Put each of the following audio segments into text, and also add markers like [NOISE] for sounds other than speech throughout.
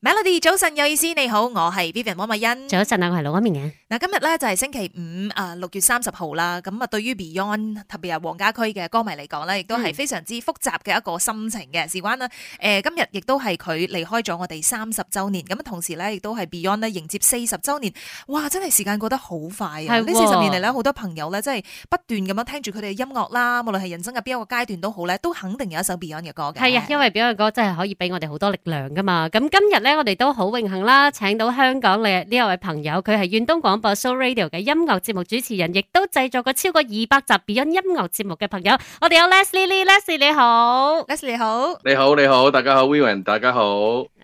Melody 早晨，有意思你好，我係 Vivian 摩米欣。早晨啊，我係盧安明啊。嗱，今日咧就係星期五啊，六月三十號啦。咁啊，對於 Beyond 特別係黃家駒嘅歌迷嚟講咧，亦都係非常之複雜嘅一個心情嘅。事關啦，誒，今日亦都係佢離開咗我哋三十周年，咁同時咧亦都係 Beyond 咧迎接四十周年。哇，真係時間過得好快啊！呢四十年嚟咧，好多朋友咧真係不斷咁樣聽住佢哋嘅音樂啦，無論係人生嘅邊一個階段都好咧，都肯定有一首 Beyond 嘅歌嘅。係啊，因為 Beyond 嘅歌真係可以俾我哋好多力量噶嘛。咁今日咧。我哋都好榮幸啦，請到香港嘅呢一位朋友，佢係遠東廣播 Show Radio 嘅音樂節目主持人，亦都製作過超過二百集 Beyond 音樂節目嘅朋友。我哋有 Leslie Leslie，你好，Leslie 你好，你好你好，大家好 William 大家好，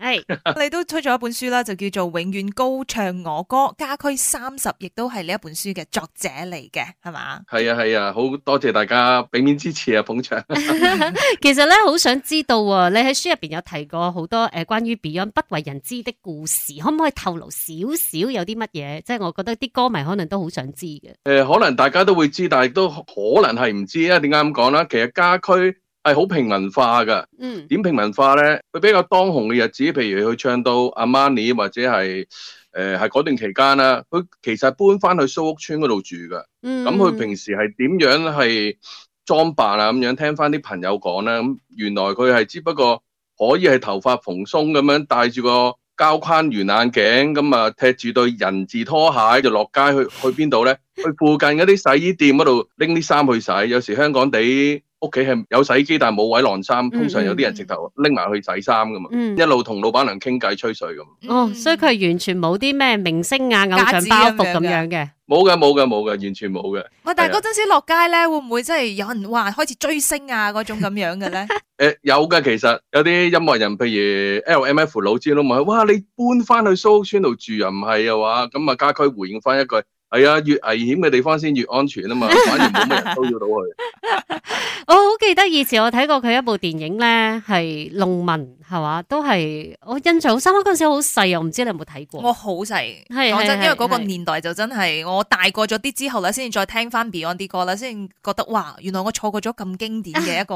係是 [LAUGHS] 你都出咗一本書啦，就叫做《永遠高唱我歌》，家駒三十，亦都係呢一本書嘅作者嚟嘅，係嘛？係啊係啊，好、啊、多謝大家俾面支持啊，捧場。 [LAUGHS] [LAUGHS] 其實咧，好想知道、啊、你喺書入邊有提過好多誒，關於 Beyond 不。為人知的故事，可唔可以透露少少？有啲乜嘢？即係我覺得啲歌迷可能都好想知嘅。誒、呃，可能大家都會知道，但係都可能係唔知啊？點解咁講啦？其實家駒係好平民化噶。嗯。點平民化咧？佢比較當紅嘅日子，譬如佢唱到 Amani 或者係誒係嗰段期間啦。佢其實搬翻去蘇屋村嗰度住噶。嗯。咁佢平時係點樣係裝扮啊？咁樣聽翻啲朋友講咧，咁原來佢係只不過可以係頭髮蓬鬆咁樣，戴住個膠框圓眼鏡，咁啊，踢住對人字拖鞋就落街去，去邊度咧？ [LAUGHS] 去附近嗰啲洗衣店嗰度拎啲衫去洗。有時香港地屋企係有洗衣機，但係冇位晾衫，通常有啲人直頭拎埋去洗衫噶嘛，嗯、一路同老闆娘傾偈吹水咁。哦，所以佢係完全冇啲咩明星啊，偶像包袱咁樣嘅。冇嘅，冇嘅，冇嘅，完全冇嘅。喂，但係嗰陣時落街咧，會唔會真係有人哇開始追星啊嗰種咁樣嘅咧？誒、 [LAUGHS] 呃，有嘅，其實有啲音樂人，譬如 L M F 老朱都問，哇，你搬翻去蘇屋村度住又唔係啊話咁啊？家駒回應翻一句，係、哎、啊，越危險嘅地方先越安全啊嘛，反而冇乜人騷擾到佢。 [LAUGHS] [LAUGHS] 我好記得以前我睇過佢一部電影咧，係農民。係嘛，都係我印象好深。嗰陣時好細，我唔知你有冇睇過。我好細，講是真，因為嗰個年代就真係是我大個咗啲之後咧，先至再聽翻 Beyond 啲歌啦，先覺得哇，原來我錯過咗咁經典嘅一個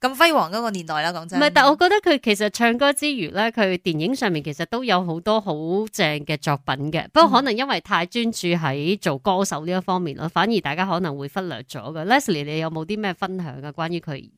咁輝 [LAUGHS] 煌嗰個年代啦。講真，唔係，但係我覺得佢其實唱歌之餘咧，佢電影上面其實都有好多好正嘅作品嘅。不過可能因為太專注喺做歌手呢一方面咯，嗯、反而大家可能會忽略咗嘅。Leslie，你有冇啲咩分享啊？關於佢？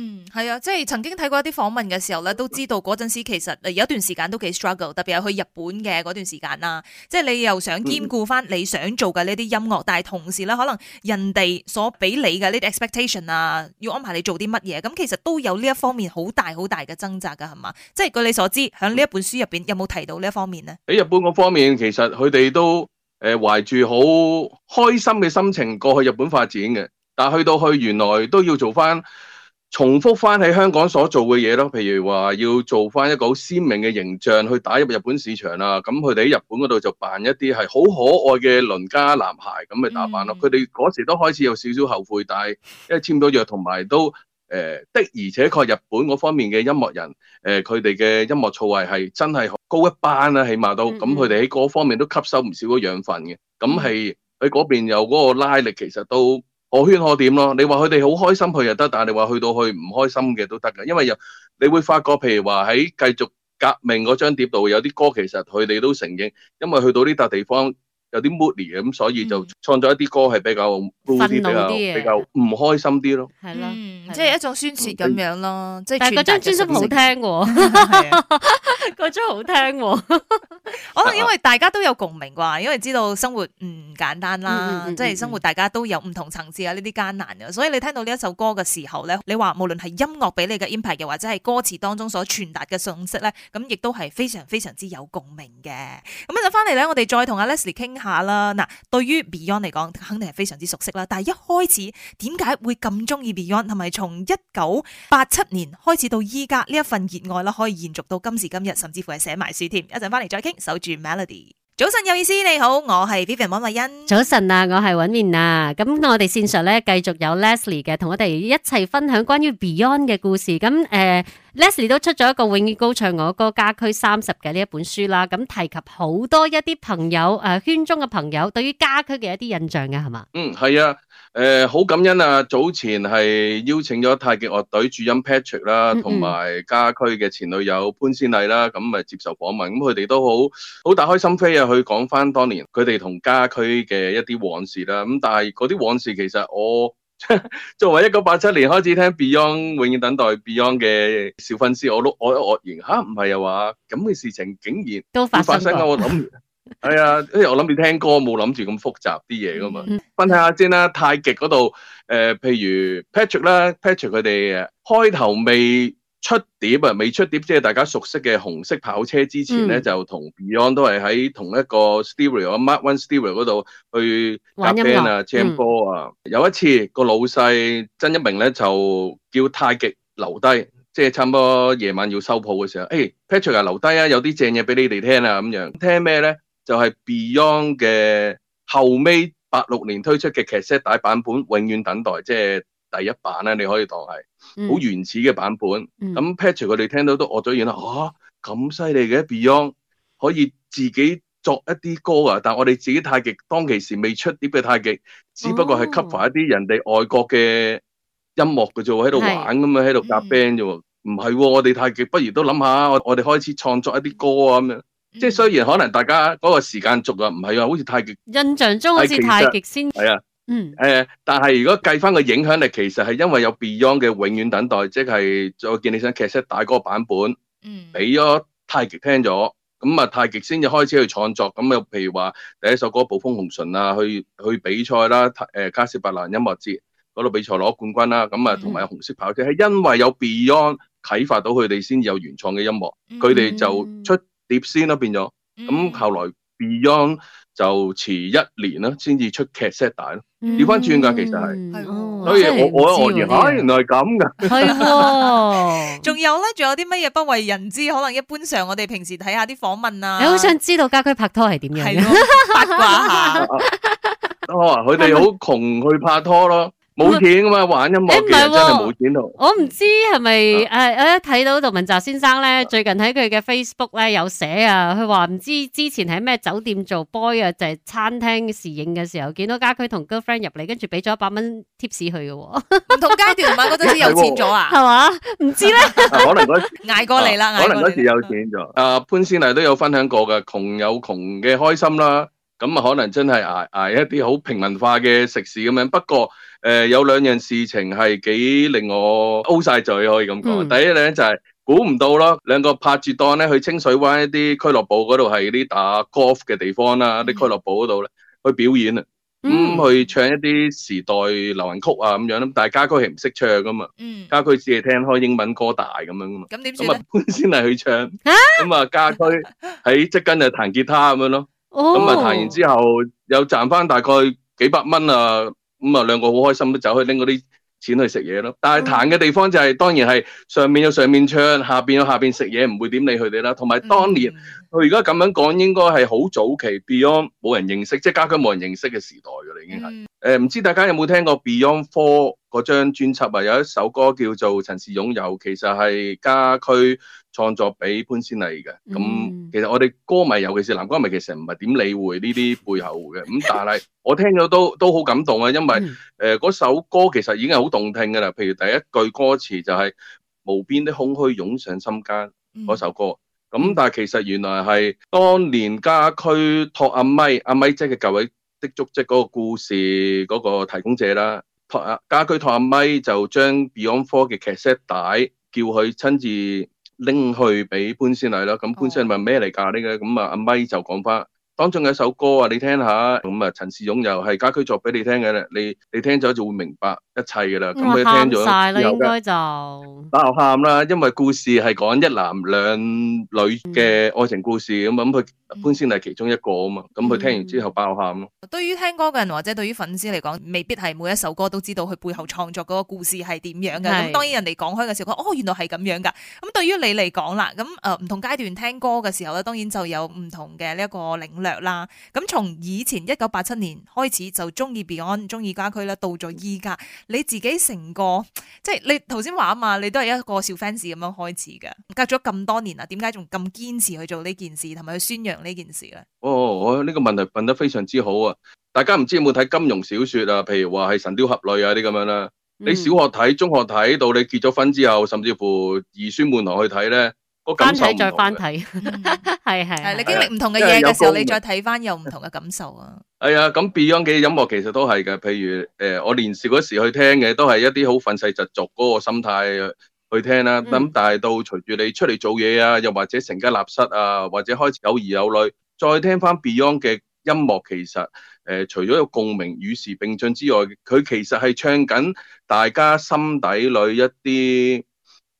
嗯，係啊，即係曾經睇過一啲訪問嘅時候咧，都知道嗰陣時其實誒有一段時間都幾 struggle，特別係去日本嘅嗰段時間啦。即係你又想兼顧翻你想做嘅呢啲音樂，嗯、但係同時咧可能人哋所俾你嘅呢啲 expectation 啊，要安排你做啲乜嘢，咁其實都有呢一方面好大好大嘅掙扎噶，係嘛？即係據你所知，喺呢一本書入邊有冇提到呢一方面呢？喺日本嗰方面，其實佢哋都誒懷住好開心嘅心情過去日本發展嘅，但係去到去原來都要做翻。重複翻喺香港所做嘅嘢咯，譬如話要做翻一個好鮮明嘅形象去打入日本市場啦。咁佢哋喺日本嗰度就扮一啲係好可愛嘅鄰家男孩咁去打扮咯。佢哋嗰時都開始有少少後悔，但係因為簽咗約同埋都誒的而且確日本嗰方面嘅音樂人誒，佢哋嘅音樂造詣係真係高一班啦，起碼到咁佢哋喺嗰方面都吸收唔少嘅養分嘅。咁係喺嗰邊有嗰個拉力，其實都。我圈我點咯，你話佢哋好開心去又得，但係你話去到去唔開心嘅都得㗎，因為有你會發覺，譬如話喺繼續革命嗰張碟度，有啲歌其實佢哋都承認，因為去到呢笪地方。有啲 moody 嘅，咁所以就創作一啲歌係比較 moody、嗯、比較唔開心啲咯。係咯、嗯，即係對一種宣洩咁樣咯。即係、嗯、但係嗰張專輯好聽喎、哦，嗰張的 [LAUGHS] 好聽喎、哦。 [LAUGHS] 可能因為大家都有共鳴啩，因為知道生活唔、嗯、簡單啦，嗯嗯嗯嗯嗯即係生活大家都有唔同層次啊，呢啲艱難。所以你聽到呢一首歌嘅時候咧，你話無論係音樂俾你嘅 impact，或者係歌詞當中所傳達嘅信息咧，咁亦都係非常非常之有共鳴嘅。咁一陣翻嚟咧，我哋再同阿 Leslie 傾。下啦，嗱，對於 Beyond 嚟講，肯定係非常之熟悉啦。但係一開始點解會咁中意 Beyond？同埋從一九八七年開始到依家呢一份熱愛啦，可以延續到今時今日，甚至乎係寫埋書添。一陣翻嚟再傾，守住 Melody。早晨有意思，你好，我係 Vivian 王慧欣。早晨啊，我係尹面啊。咁我哋線上咧繼續有 Leslie 嘅，同我哋一齊分享關於 Beyond 嘅故事。咁誒。呃 Leslie 都出咗一個永遠高唱我歌家駒三十嘅呢一本書啦，咁提及好多一啲朋友誒圈中嘅朋友對於家駒嘅一啲印象嘅係嘛？嗯，係啊，誒好感恩啊！早前係邀請咗太極樂隊主音 Patrick 啦，同埋家駒嘅前女友潘先麗啦，咁咪接受訪問，咁佢哋都好好打開心扉啊，去講翻當年佢哋同家駒嘅一啲往事啦。咁但係嗰啲往事其實我。 [LAUGHS] 作為一九八七年開始聽 Beyond 永遠等待 Beyond 嘅小粉絲，我都我愕然吓，唔係又話，咁嘅事情竟然發生都發生啊想、 [LAUGHS] 哎！我諗係啊，因為我諗住聽歌，冇諗住咁複雜啲嘢噶嘛。分析下先啦，太極嗰度誒，譬如 Pat 啦 Patrick 啦，Patrick 佢哋開頭未。出碟啊，未出碟，即係大家熟悉嘅紅色跑車之前咧，就同 Beyond 都係喺同一個 Stereo 啊，Mark One Stereo 嗰度去夾 band 啊，jam ball 啊。有一次個老細曾一鳴咧就叫太極留低，即係差唔多夜晚要收鋪嘅時候，誒 Patrick 又留低啊，有啲正嘢俾你哋聽啊咁樣。聽咩咧？就係 Beyond 嘅後尾八六年推出嘅 cassette 帶版本《永遠等待》，即係。第一版咧，你可以當係好原始嘅版本。咁、嗯、Patrick 佢哋聽到都愕咗然啦，吓，咁犀利嘅 Beyond 可以自己作一啲歌啊？但係我哋自己太極當其時未出碟嘅太極，只不過係 cover 一啲人哋外國嘅音樂嘅啫，喺度、哦、玩咁樣啊，喺度夾 band 啫。唔係，我哋太極不如都諗下，我我哋開始創作一啲歌啊咁樣。嗯、即係雖然可能大家嗰個時間足啊，唔係啊，好似太極印象中好似太極先係啊。嗯，誒，但係如果計翻個影響力，其實係因為有 Beyond 嘅永遠等待，即係再見你想劇 set 大嗰個版本，嗯，俾咗太極聽咗，咁啊太極先至開始去創作，咁又譬如話第一首歌《暴風紅唇》啊，去去比賽啦，誒、呃、卡斯伯蘭音樂節嗰度比賽攞冠軍啦、啊，咁啊同埋紅色跑車係、嗯、因為有 Beyond 啟發到佢哋先有原創嘅音樂，佢哋、嗯、就出碟先咯、嗯、變咗，咁後來。Beyond 就遲一年啦，先至出劇 set 帶咯，調翻轉噶，其實係，啊、所以我、啊、我愕然，哎、啊，原來咁噶，係、啊，仲 [LAUGHS] 有咧，仲有啲乜嘢不為人知，可能一般上我哋平時睇下啲訪問啊，你好想知道家駒拍拖係點樣嘅，啊，八卦下好啊，佢哋好窮去拍拖咯。冇錢啊嘛，玩音樂真係冇錢。我唔知係咪誒？我一睇到杜文澤先生咧，最近喺佢嘅 Facebook 咧有寫啊，佢話唔知之前喺咩酒店做 boy 啊，就係餐廳侍應嘅時候，見到家駒同 girlfriend 入嚟，跟住俾咗一百蚊 tips 佢嘅。唔同階段嘛，嗰陣時有錢咗啊，係嘛？唔知咧。可能嗰時。捱過嚟啦。可能嗰時有錢咗。啊潘先麗都有分享過嘅，窮有窮嘅開心啦。咁啊，可能真係挨挨一啲好平民化嘅食肆咁樣。不過誒，有兩樣事情係幾令我 O 曬嘴，可以咁講。第一咧就係估唔到咯，兩個拍住檔咧去清水灣一啲俱樂部嗰度，係啲打 golf 嘅地方啦，啲俱樂部嗰度咧去表演啊，咁去唱一啲時代流行曲啊咁樣啦。但係家駒係唔識唱噶嘛，家駒只係聽開英文歌大咁樣噶嘛。咁點先？咁啊潘先係去唱，咁啊家駒喺即跟就彈吉他咁樣咯。咁啊彈完之後又賺翻大概幾百蚊啊，咁啊兩個好開心都走去拎嗰啲錢去食嘢咯。但係彈嘅地方就係當然係上面有上面唱，下邊有下邊食嘢，唔會點理佢哋啦。同埋當年佢而家咁樣講，應該係好早期 Beyond 冇人認識，即係家駒冇人認識嘅時代噶啦，已經係。誒，唔知大家有冇聽過 Beyond Four 嗰張專輯啊？有一首歌叫做《陳氏擁有》，其實係家駒創作俾潘先麗嘅，咁其實我哋歌迷尤其是男歌迷，其實唔係點理會呢啲背後嘅，咁但係我聽咗都都好感動啊，因為誒嗰首歌其實已經係好動聽㗎啦，譬如第一句歌詞就係無邊的空虛湧上心間嗰首歌，咁但係其實原來係當年家駒託阿咪阿咪，即係嘅舊日的足跡嗰個故事嗰個提供者啦，託阿家駒託阿咪就將 Beyond Four 嘅劇 set 帶叫佢親自。拎去畀潘先禮咯，咁潘先禮問咩嚟㗎呢個，咁啊阿咪就講翻當中有一首歌啊，你聽下，咁啊陳氏勇又係家駒作畀你聽嘅啦，你你聽咗就會明白。一切噶啦，咁佢聽咗應該就爆喊啦，因為故事係講一男兩女嘅愛情故事咁，咁佢本身係其中一個啊嘛，咁佢、嗯、聽完之後爆喊咯。對於聽歌嘅人或者對於粉絲嚟講，未必係每一首歌都知道佢背後創作嗰個故事係點樣嘅。咁是當然人哋講開嘅時候，哦，原來係咁樣噶。咁對於你嚟講啦，咁誒唔同階段聽歌嘅時候咧，當然就有唔同嘅呢一個領略啦。咁從以前一九八七年開始就中意 Beyond，中意家駒啦，到咗依家。你自己成個即係你頭先話啊嘛，你都係一個小 fans 咁樣開始嘅，隔咗咁多年啦，點解仲咁堅持去做呢件事，同埋去宣揚呢件事咧？哦，哦，我、這、呢個問題問得非常之好啊！大家唔知道你有冇睇金庸小説啊？譬如話係《神鵰俠侶》啊啲咁樣啦，你小學睇、中學睇到你結咗婚之後，甚至乎兒孫滿堂去睇咧。感受唔同嘅，係係係，你經歷唔同嘅嘢嘅時候，你再睇翻有唔同嘅感受啊！係啊，咁 Beyond 嘅音樂其實都係嘅，譬如誒，我年少嗰時去聽嘅都係一啲好憤世嫉俗嗰個心態去聽啦。咁但係到隨住你出嚟做嘢啊，又或者成家立室啊，或者開始有兒有女，再聽翻 Beyond 嘅音樂，其實誒，除咗有共鳴與時並進之外，佢其實係唱緊大家心底裏一啲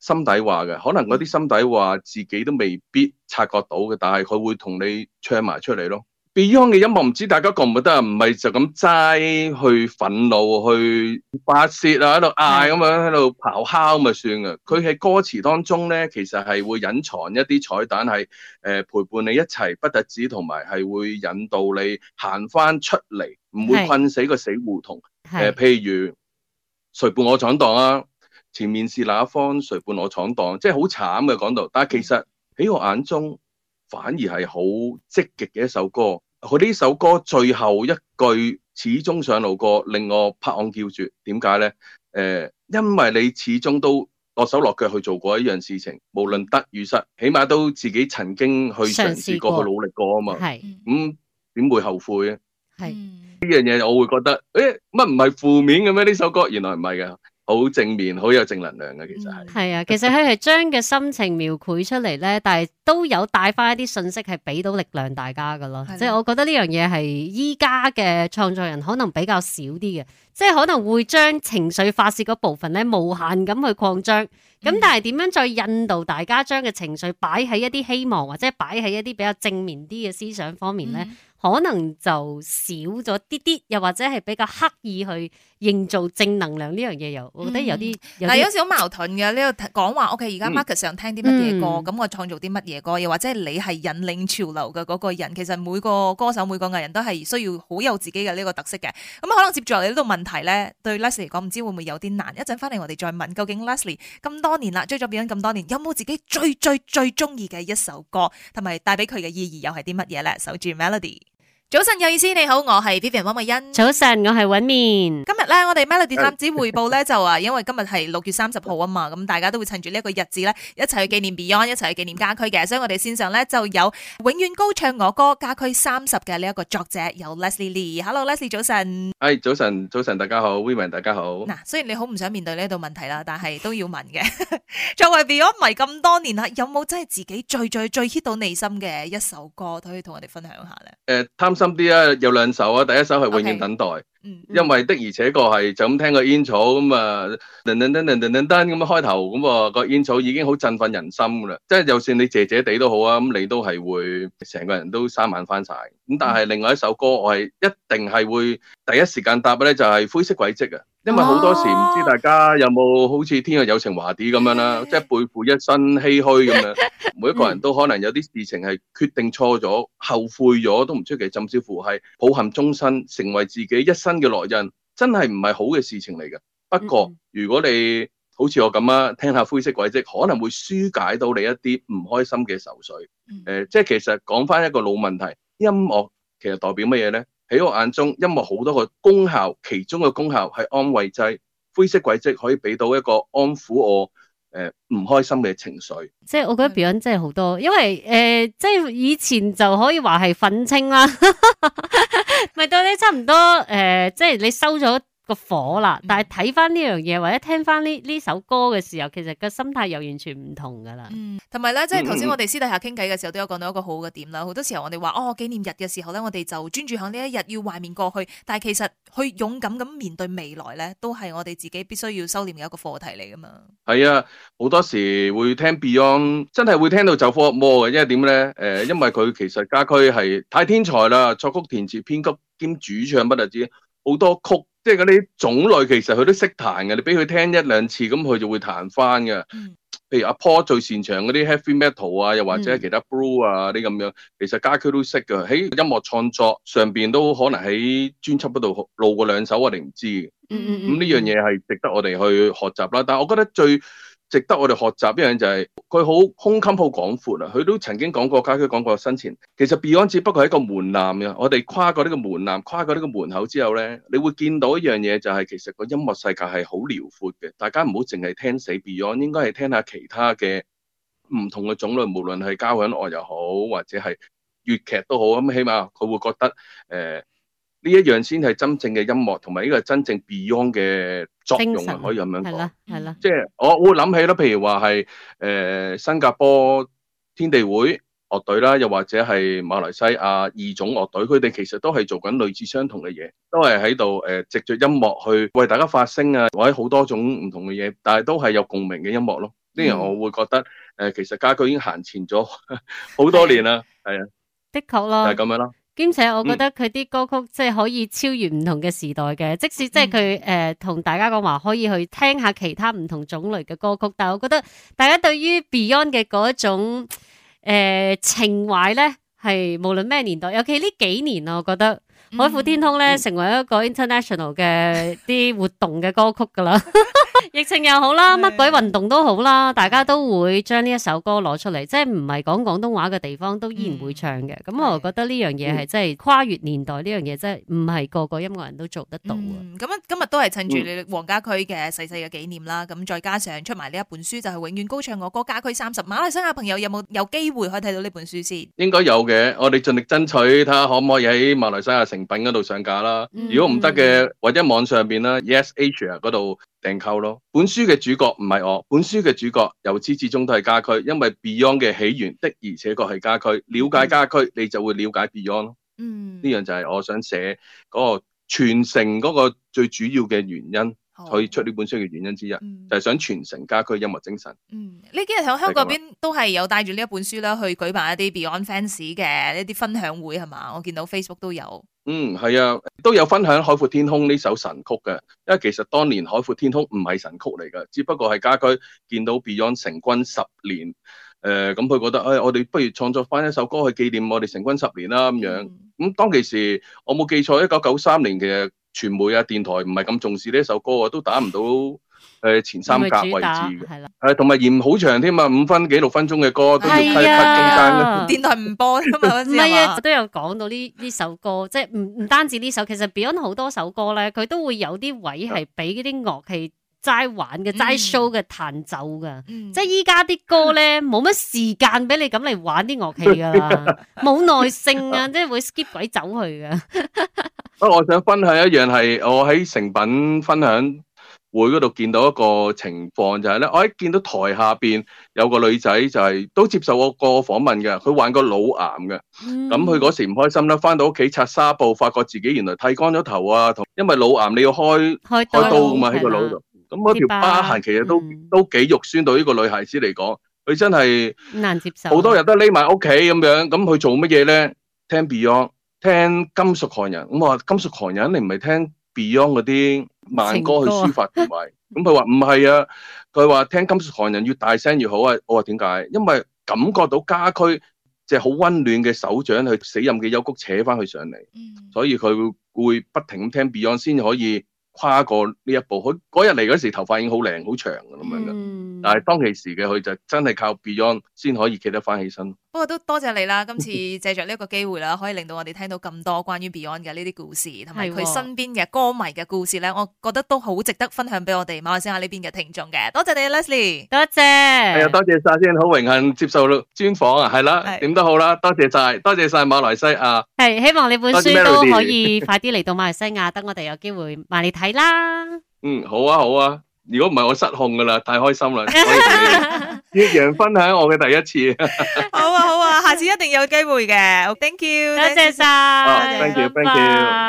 心底話嘅，可能嗰啲心底話自己都未必察覺到嘅，但係佢會同你唱埋出嚟咯。Beyond 嘅音樂唔知大家覺唔覺得，唔係就咁齋去憤怒、去發洩啊，喺度嗌咁樣，喺度咆哮咪算噶。佢喺歌詞當中咧，其實係會隱藏一啲彩蛋，係誒陪伴你一齊不特止，同埋係會引導你行翻出嚟，唔會困死個死，死胡同。誒、呃，譬如誰伴我闖蕩啊？前面是那一方，誰伴我闖蕩，即係好慘嘅講到，但係其實喺我眼中反而係好積極嘅一首歌。佢呢首歌最後一句，始終上路過令我拍案叫絕，點解咧？誒、呃，因為你始終都落手落腳去做過一樣事情，無論得與失，起碼都自己曾經去嘗試過，去努力過啊嘛。係，咁點會後悔啊？係呢樣嘢，我會覺得誒乜唔係負面嘅咩？呢首歌原來唔係嘅。好正面，好有正能量嘅，其實係。係啊，其實佢係將嘅心情描繪出嚟呢，但係都有帶翻一啲信息，係俾到力量大家噶咯。即係是的 我覺得呢樣嘢係依家嘅創作人可能比較少啲嘅，即係可能會將情緒發泄嗰部分呢無限咁去擴張。咁、嗯、但係點樣再引導，大家將嘅情緒擺喺一啲希望，或者擺喺一啲比較正面啲嘅思想方面咧，嗯、可能就少咗啲啲，又或者係比較刻意去營造正能量呢樣嘢，又我覺得有啲嗱、嗯、有時點好矛盾嘅呢個講話 OK 而家 market 上聽啲乜嘢歌，咁、嗯、我創造啲乜嘢歌，又或者你係引領潮流嘅個人，其實每個歌手每個藝人都係需要好有自己嘅呢個特色嘅。咁可能接住落嚟呢個問題咧，對 Leslie 嚟講，唔知會唔會有啲難一陣翻嚟我哋再問究竟 Leslie 咁多。多年啦，追咗 Beyond 咁多年，有冇自己最最最中意嘅一首歌，同埋帶俾佢嘅意義又係啲乜嘢咧？守住 Melody。早晨有意思，你好，我係 Vivian 黃美欣。早晨，我係搵面。今日咧，我哋 Melody 三子匯報咧 [LAUGHS] 就啊，因為今日係六月三十號啊嘛，咁大家都會趁住呢個日子咧，一齊去紀念 Beyond，一齊去紀念家駒嘅。所以我哋線上咧就有永遠高唱我歌家駒三十嘅呢一個作者，有 Leslie Lee。Hello Leslie，早晨。係，早晨，早晨，大家好，Vivian 大家好。嗱，雖然你好唔想面對呢一道問題啦，但係都要問嘅。 [LAUGHS] 作為 Beyond 迷咁多年啦，有冇真係自己最最最，最 hit 到內心嘅一首歌，可以同我哋分享下咧？誒，uh, 心啲啊，有兩首啊，第一首係永遠等待。Okay. 嗯，因為的而且確係就咁聽個煙草咁啊，噔噔噔噔噔噔噔咁啊開頭咁喎，個煙草已經好振奮人心噶啦，即係就算你姐姐哋都好啊，咁你都係會成個人都生猛翻晒。咁但係另外一首歌我係一定係會第一時間答咧，就係灰色軌跡啊，因為好多時唔知大家有冇好似天若有情華啲咁樣啦，即係背負一身唏噓咁樣，每一個人都可能有啲事情係決定錯咗，後悔咗都唔出奇，甚至乎係抱憾終身，成為自己一生。新嘅內因真係唔係好嘅事情嚟嘅。不過如果你好似我咁啊，聽一下灰色軌跡，可能會疏解到你一啲唔開心嘅愁緒。誒、呃，即係其實講翻一個老問題，音樂其實代表乜嘢咧？喺我眼中，音樂好多個功效，其中嘅功效係安慰劑。灰色軌跡可以俾到一個安撫我。誒，唔、呃、開心嘅情緒，即係我覺得變樣真係好多，的因為誒、呃，即係以前就可以話係憤青啦、啊，咪 [LAUGHS] 到你差唔多誒、呃，即係你收咗。個火啦，但係睇翻呢樣嘢或者聽翻呢呢首歌嘅時候，其實個心態又完全唔同噶啦。嗯，同埋咧，即係頭先我哋私底下傾偈嘅時候，都有講到一個好嘅點啦。好多時候我哋話哦，紀念日嘅時候咧，我哋就專注響呢一日要懷緬過去，但係其實去勇敢咁面對未來咧，都係我哋自己必須要修煉嘅一個課題嚟噶嘛。係啊，好多時會聽 Beyond，真係會聽到走火入魔嘅，因為點咧？誒、呃，因為佢其實家駒係太天才啦，作曲、曲、填詞、編曲兼主唱不特止，好多曲。即係嗰啲種類，其實佢都識彈嘅。你俾佢聽一兩次，咁佢就會彈翻嘅。譬、嗯、如阿 Paul 最擅長嗰啲 heavy metal 啊，又或者其他 blue 啊啲咁樣，嗯、其實家駒都識嘅。喺音樂創作上邊都可能喺專輯嗰度錄過兩首，我哋唔知嘅。咁呢、嗯嗯、樣嘢係值得我哋去學習啦。但係我覺得最值得我哋學習一樣就係佢好胸襟好廣闊啊！佢都曾經講過家駒，講過生前。其實 Beyond 只不過係一個門檻㗎。我哋跨過呢個門檻，跨過呢個門口之後咧，你會見到一樣嘢就係其實個音樂世界係好遼闊嘅。大家唔好淨係聽死 Beyond，應該係聽下其他嘅唔同嘅種類，無論係交響樂又好，或者係粵劇都好。咁起碼佢會覺得誒，呢一樣先係真正嘅音樂，同埋呢個真正 Beyond 嘅作用神可以咁樣講，係啦，係啦，即係、嗯就是、我會諗起啦，譬如話係誒新加坡天地會樂隊啦，又或者係馬來西亞二種樂隊，佢哋其實都係做緊類似相同嘅嘢，都係喺度誒藉著音樂去為大家發聲啊，或者好多種唔同嘅嘢，但係都係有共鳴嘅音樂咯。呢樣、嗯、我會覺得誒、呃，其實家駒已經行前咗好多年啦，係啊，的確啦，就係、是、咁樣啦。兼且，我覺得佢啲歌曲即係可以超越唔同嘅時代嘅，嗯、即使即係佢誒同大家講話可以去聽下其他唔同種類嘅歌曲，但係我覺得大家對於 Beyond 嘅一種誒、呃、情懷咧，係無論咩年代，尤其呢幾年啊，我覺得《嗯、海闊天空呢》咧、嗯、成為一個 international 嘅啲活動嘅歌曲噶啦。 [LAUGHS] 疫情又好啦，乜鬼運動都好啦，大家都會將呢一首歌攞出嚟，即係唔係講廣東話嘅地方都依然會唱嘅。咁、嗯、我覺得呢樣嘢係真係跨越年代呢樣嘢，真係唔係個個音樂人都做得到啊。咁、嗯、今日都係趁住你黃家駒嘅細細嘅紀念啦，咁、嗯、再加上出埋呢一本書，就係永遠高唱我歌。家駒三十，馬來西亞朋友有冇有機會可以睇到呢本書先？應該有嘅，我哋盡力爭取睇下可唔可以喺馬來西亞成品嗰度上架啦。如果唔得嘅，嗯、或者網上邊啦，Yes Asia 嗰度。訂購咯。本書嘅主角唔係我，本書嘅主角由始至終都係家駒，因為 Beyond 嘅起源的而且確係家駒。了解家駒，你就會了解 Beyond 咯。嗯，呢樣就係我想寫嗰個傳承嗰個最主要嘅原因，嗯、可以出呢本書嘅原因之一，嗯、就係想傳承家駒音樂精神。嗯，呢幾日響香港邊都係有帶住呢一本書啦，去舉辦一啲 Beyond fans 嘅一啲分享會係嘛？我見到 Facebook 都有。嗯，係啊，都有分享《海闊天空》呢首神曲嘅，因為其實當年《海闊天空》唔係神曲嚟噶，只不過係家駒見到 Beyond 成軍十年，誒、呃，咁佢覺得誒、哎，我哋不如創作翻一首歌去紀念我哋成軍十年啦，咁樣，咁、嗯、當其時我冇記錯，一九九三年嘅傳媒啊、電台唔係咁重視呢一首歌啊，都打唔到。誒，前三格位置嘅，係啦，誒，同埋嫌好長添啊，五分幾六分鐘嘅歌都要 cut 一 cut 中間，電台唔播，噶嘛，唔係啊，都有講到呢呢首歌，即係唔唔單止呢首，其實 Beyond 好多首歌咧，佢都會有啲位係俾啲樂器齋玩嘅，齋 show 嘅彈奏噶，即係依家啲歌咧冇乜時間俾你咁嚟玩啲樂器噶，冇耐性啊，即係會 skip 鬼走去噶不過，我想分享一樣係我喺成品分享。會嗰度見到一個情況就係咧，我一見到台下邊有個女仔就係都接受我個訪問嘅，佢患過腦癌嘅，咁佢嗰時唔開心啦，翻到屋企拆紗布，發覺自己原來剃光咗頭啊，同因為腦癌你要開開刀噶嘛喺個腦度，咁嗰條疤痕其實都都幾肉酸到呢個女孩子嚟講，佢真係難接受，好多日都匿埋屋企咁樣，咁佢做乜嘢咧？聽 Beyond，聽金屬狂人，咁我話金屬狂人你唔係聽 Beyond 嗰啲。慢歌去抒發，同埋咁佢話唔係啊。佢話聽金屬人越大聲越好啊，我話點解？因為感覺到家駒即係好溫暖嘅手掌去死蔭嘅幽谷扯翻佢上嚟，所以佢會不停咁聽 Beyond 先可以跨過呢一步。佢嗰日嚟嗰時候頭髮已經好靚好長嘅咁樣嘅，嗯、但係當其時嘅佢就真係靠 Beyond 先可以企得翻起身。不過都多謝你啦！今次借着呢個機會啦，可以令到我哋聽到咁多關於 Beyond 嘅呢啲故事，同埋佢身邊嘅歌迷嘅故事咧，我覺得都好值得分享俾我哋馬來西亞呢邊嘅聽眾嘅。多謝你，Leslie，多謝，係啊，多謝晒先，好榮幸接受專訪啊，係啦，點都好啦，多謝晒，多謝晒馬來西亞。係，希望你本書都可以快啲嚟到馬來西亞，等我哋有機會買嚟睇啦。嗯，好啊，好啊。如果唔係我失控噶啦，太開心啦！所以一樣分享我嘅第一次。好啊好啊，下次一定有機會嘅。Thank you，多謝晒。Thank you，Thank you。